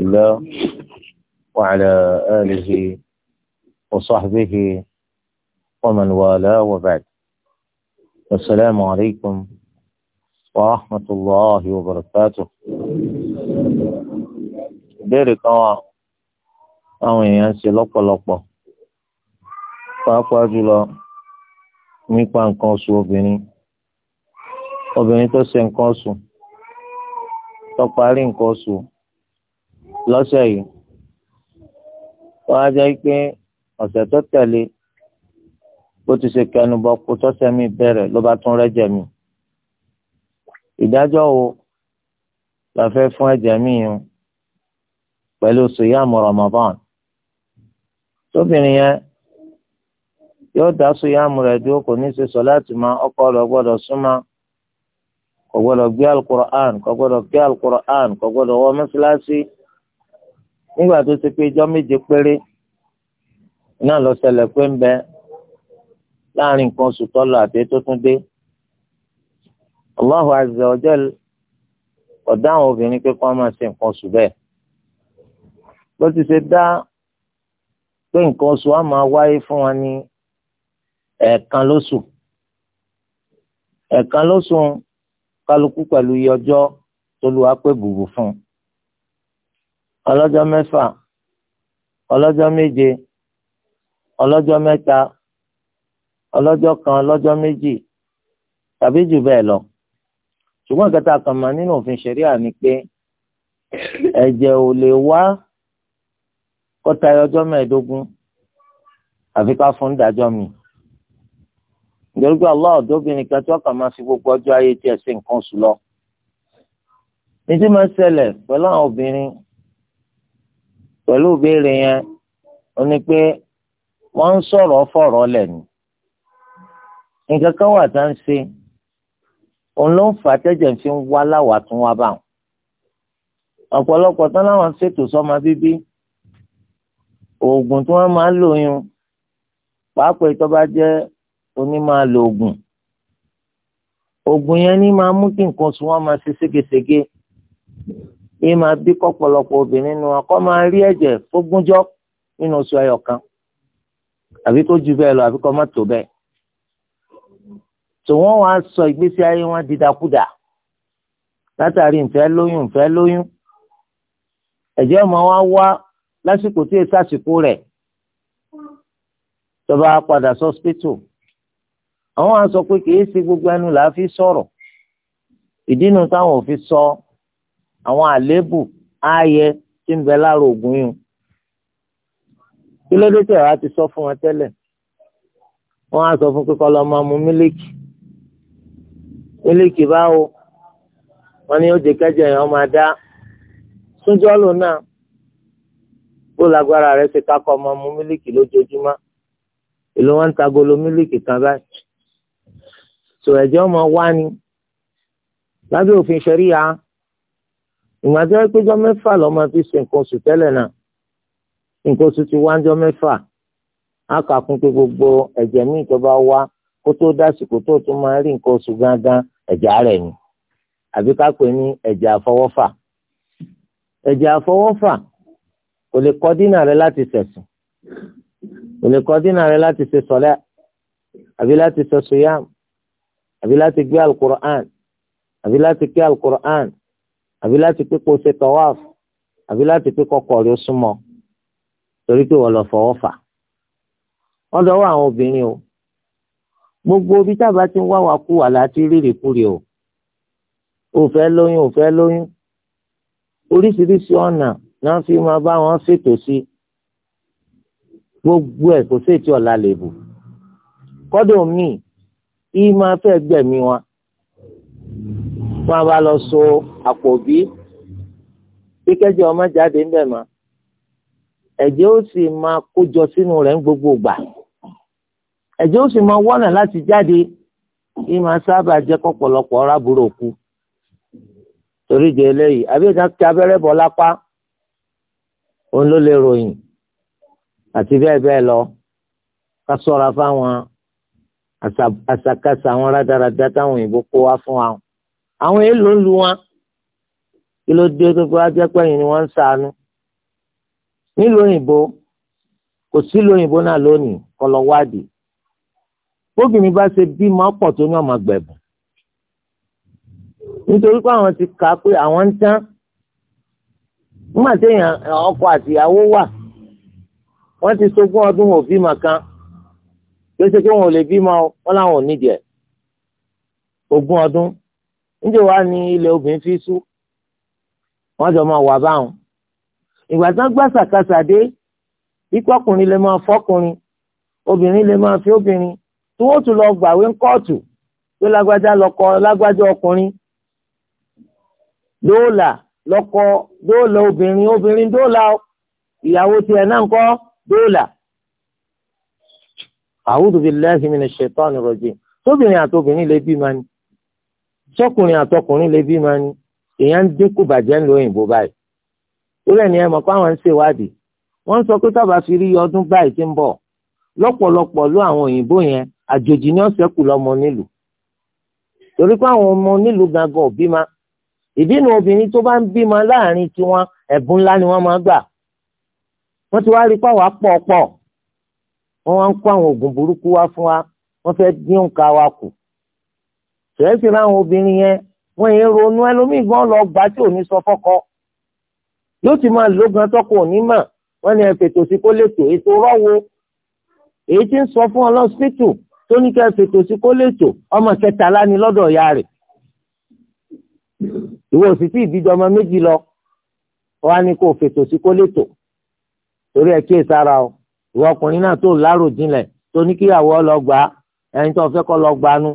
الله وعلى آله وصحبه ومن والاه وبعد السلام عليكم ورحمة الله وبركاته ìbéèrè kan wà àwọn èèyàn ń ṣe lọ́pọ̀lọpọ̀ pàápàá jùlọ nípa nǹkan oṣù obìnrin obìnrin tó ṣe nǹkan oṣù tó parí nǹkan oṣù lọ́sẹ̀ yìí wọ́n á jẹ́ pé ọ̀sẹ̀ tó tẹ̀lé bó ti ṣe kẹnubọ kó tọ́sẹ̀ mi bẹ̀rẹ̀ ló bá tún rẹ́jẹ̀ mi ìdájọ́ wo la fẹ́ fún ẹ̀jẹ̀ mi yìí pẹ̀lú sùyàmù Ramadan tóbìnrin yẹn yóò dá sùyàmù rẹ̀ dúró kò ní í ṣe sọ láti máa ọkọ rẹ̀ gbọ́dọ̀ súnmọ́ kò gbọ́dọ̀ gbé alukur'an kò gbọ́dọ̀ gbé alukur'an kò gbọ́dọ̀ wọ mẹ́sàlásì nígbà tó ṣe pé ijọ́ méje péré náà lọ ṣẹlẹ̀ pé ń bẹ láàrin nǹkan oṣù tó àti tó tún dé Allahu azza wa jal ọ̀dá àwọn obìnrin pé kí wọ́n máa ṣe nǹkan oṣù bẹ́ẹ̀ bó ti ṣe dá pé nǹkan oṣù á máa wáyé fún wọn ní ẹ̀ẹ̀kan lóṣù ẹ̀ẹ̀kan lóṣù kálukú pẹ̀lú iye ọjọ́ tó lu wá pé bùbù fún un ọlọ́jọ́ mẹ́fà ọlọ́jọ́ méje ọlọ́jọ́ mẹ́ta ọlọ́jọ́ kan ọlọ́jọ́ méjì tàbí jù bẹ́ẹ̀ lọ ṣùgbọ́n kẹta kan máa nínú òfin ṣẹ̀ríà ni pé ẹ̀jẹ̀ ò lè wá kó tayọ ọjọ́ mẹ́ẹ̀ẹ́dógún àfi ká fún ìdájọ́ mi nítorí pé aláwọ̀ dóbìnrin kan tí wọ́n kàn máa fi gbogbo ọjọ́ ayé tiẹ̀ sí nǹkan oṣù lọ. ní tí máa ń ṣẹlẹ̀ pẹ̀lú àwọn obìnrin pẹ̀lú ìbéèrè yẹn ó ní pé wọ́n ń sọ̀rọ̀ fọ̀rọ̀ lẹ́nu nǹkan kan wà tá ń ṣe òun ló ń fà tẹ́jẹ̀ fi ń wá láwàá tún wá bá wọn ọ̀pọ̀lọpọ̀ tán láwọn ṣètò sọ́mọ bíbí oògùn tí wọ́n máa ń lò yún pàápàá ìtọ́ bá jẹ́ onímọ̀-àlòògùn oògùn yẹn ní máa mú kí nǹkan oṣù wọn máa ṣe ségesège. Se yìí máa bí kọ́pọ̀lọpọ̀ obìnrin nu ọkọ máa rí ẹ̀jẹ̀ tó gúnjọ́ nínú oṣù ẹyọ kan àbí kó ju bẹ́ẹ̀ lọ àbí kó má tó bẹ́ẹ̀. tò wọ́n wá sọ ìgbésí ayé wọn dídakúdà látàrí ìfẹ́ lóyún ìfẹ́ lóyún ẹ̀jẹ̀ ọmọ wa wá lásìkò tí èsì àsìkò rẹ̀ tọba padà sọ́spítù àwọn á sọ pé kì í ṣe gbogbo ẹnu làá fi sọ̀rọ̀ ìdí nu táwọn ò fi sọ. So, àwọn àléébù ààyè tí ń bẹ lára oògùn yìí kí ló dé tí ẹ̀rọ ti sọ fún wọn tẹ́lẹ̀ wọ́n á sọ fún pé kó lọ máa mu mílíkì mílíkì báwo wọ́n ní ó jẹ kẹ́jọ yẹn ọmọ adá súnjọ́ lò náà ó lágbára rẹ̀ ṣe kákọ́ ọmọ mu mílíkì lójoojúmọ́ èló wọn ń ta golo mílíkì kan báyìí sọ ẹ̀jẹ̀ ọmọ wá ni lábẹ́ òfin ṣẹ̀ríyà ìgbà tó yẹ pé mẹ́fà lọ́ fi ṣe nǹkan oṣù tẹ́lẹ̀ náà nǹkan oṣù ti wá mẹ́fà á kà pé gbogbo ẹ̀jẹ̀ míì tó wá kó tó tó tún máa rí nǹkan oṣù gángan ẹ̀jẹ̀ rẹ̀ ni àbí ká pè ní ẹ̀jẹ̀ àfọwọ́fà ẹ̀jẹ̀ àfọwọ́fà kò lè kọ́ dínà rẹ láti kò lè kọ́ dínà rẹ láti ṣe àbí láti àbí láti pé kó ṣe tawaf àbí láti pé kọ́kọ́ rẹ̀ ó súnmọ́ torí pé wọ́n lọ fọwọ́ fà wọ́n dọ́wọ́ àwọn obìnrin o gbogbo ibi tábà ti ń wá wa kú wà láti rírì kúrì o ò fẹ́ lóyún ò fẹ́ lóyún oríṣiríṣi ọ̀nà náà fi máa bá wọn ṣètò sí gbogbo ẹ̀ kò sí ètò ọ̀la lè bù kọ́dọ̀ míì ìmọ̀ afẹ́ gbẹ̀mí wọn wọ́n bá lọ so àpò bí kíkẹ́jọ ọmọ jáde ńbẹ̀ mọ́ ẹ̀jẹ̀ ó sì máa kójọ sínú rẹ̀ ń gbogbo gbà ẹ̀jẹ̀ ó sì máa wọ́nà láti jáde kí máa sábà jẹ́ kọ́pọ̀lọpọ̀ ọ̀rá burú òkú torí di eléyìí àbí kí abẹ́rẹ́ bọ̀ lápá òun ló lè ròyìn àti bẹ́ẹ̀ bẹ́ẹ̀ lọ ká sọ̀ra fáwọn àṣàkáṣà àwọn rádaràdá táwọn òyìnbó kó wá fún wa àwọn èèlò ń lu wọn kí ló dé tó fi pẹ́yìn ni wọ́n ń ṣàánú nílùú òyìnbó kò sílùú òyìnbó náà lónìí kọ́ lọ wádìí bóbìnrin bá ṣe bímọ ọ̀pọ̀ tó ní ọmọ gbẹ̀bùn nítorí pé àwọn ti kà á pé àwọn ń tán nígbà téèyàn ọkọ àtìyàwó wà wọ́n ti sogún ọdún wọn ò bímọ kan pèsè pé wọn ò lè bímọ wọn làwọn ò nídìí ẹ̀ ogún ọdún níjẹ́ wàá ní ilẹ̀ obìnrin fi sú wọ́n jọ máa wà báwọn. ìgbà tán gbà sàkàsà dé ikú ọkùnrin lè máa fọkùnrin obìnrin lè máa fi obìnrin tí wọ́n tún lọ gbàwé ń kóòtù tó lágbájá lọ́kọ lágbájá ọkùnrin dóòlà lọ́kọ dóòlà obìnrin obìnrin dóòlà ìyàwó tiẹ̀ náà ń kọ́ dóòlà. a'udhu billahi minash shaitani rajim tóbìnrin àtobìnrin lè bí ma ni sọkùnrin àtọkùnrin lè bí ma ni èèyàn ń dínkù bàjẹ́ ń lo òyìnbó báyìí orí ẹni ẹ mọ̀ pé àwọn ń ṣèwádìí wọ́n sọ pé tábà fi rí ọdún báyìí ti ń bọ̀ lọ́pọ̀lọpọ̀ ló àwọn òyìnbó yẹn àjòjì ni ọ̀sẹ̀ kù lọ́mọ nílùú torí pé àwọn ọmọ nílùú gangan ò bímọ ìdínà obìnrin tó bá ń bímọ láàrin tiwọn ẹ̀bùn ńlá ni wọ́n máa gbà wọ́n ti wá rí pàwọ́ pọ̀pọ̀ wọ́n wá ń kó àwọn oògùn burúkú wá fún wa wọ́n fẹ́ dín òǹkà wa kù tẹ̀sí láwọn obìnrin yẹn wọ́n yẹn ronú ẹlòmíì gan lọ gbà tí ò ní sọ fọ́kọ yóò ti máa lò gan tọ́kọ òní mà wọ́n ní kó lè ètò rọ́wọ́ èyí tí ń sọ fún ọlọ́sítù ọmọ lọ́dọ̀ ìyá rẹ̀ ìwọ sì ọmọ méjì lọ á ní kó o ìwọ ọkùnrin náà tó lárò jinlẹ̀ tó ní kíyàwó ẹni tó fẹ́